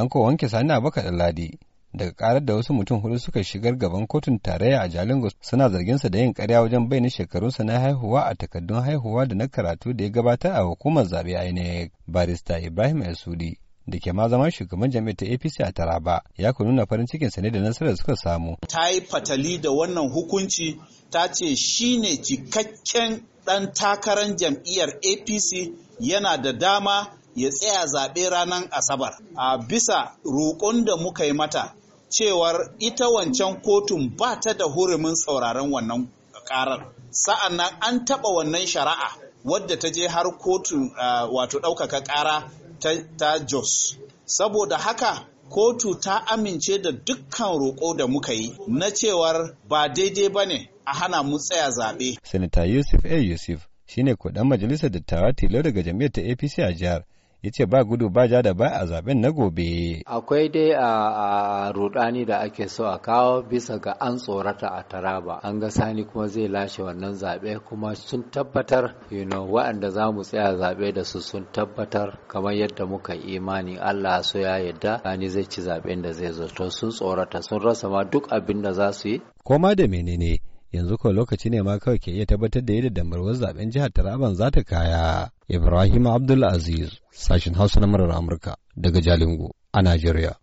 an ko wanke sani da ladi daga karar da wasu mutum hudu suka shigar gaban kotun tarayya a jalingo suna zarginsa da yin karya wajen bai bayyana shekarunsa na haihuwa a takardun haihuwa da na karatu da ya gabatar a hukumar zaɓe inec barista ibrahim yasudi da ke ma zama shugaban jami'ar ta apc a taraba ya ku nuna farin cikin sa ne da nasarar suka samu ta yi fatali da wannan hukunci ta ce shi ne cikakken dan takarar jam'iyyar apc yana da dama ya tsaya zaɓe ranar asabar a bisa roƙon da muka yi mata cewar ita wancan kotun ba ta da hurumin tsauraran wannan ƙarar sa'an nan an taɓa wannan shari'a wadda ta je har kotun wato ɗaukaka ƙara ta jos saboda haka kotu ta amince da dukkan roƙo da muka yi na cewar ba daidai ba ne a hana mu tsaya zaɓe. Senator Yusuf A. Yusuf shine kuɗin majalisar dattawa tilo daga jam'iyyar ta APC a jihar ya ce ba gudu ba ja da ba a zaben na gobe. Akwai dai a rudani da ake so a kawo bisa ga an tsorata a taraba an ga sani kuma zai lashe wannan zaɓe kuma sun tabbatar you waɗanda za mu tsaya zaɓe da su sun tabbatar kamar yadda muka imani Allah so ya yadda sani zai ci zaɓen da zai zo to sun tsorata sun rasa ma duk abin da za su yi. Koma da menene yanzu ko lokaci ne ma kawai ke iya tabbatar da yadda damarwar zaben jihar Taraban za ta kaya. Ibrahim Abdul Aziz, sashin Hausa na murar Amurka daga Jalingo a Najeriya.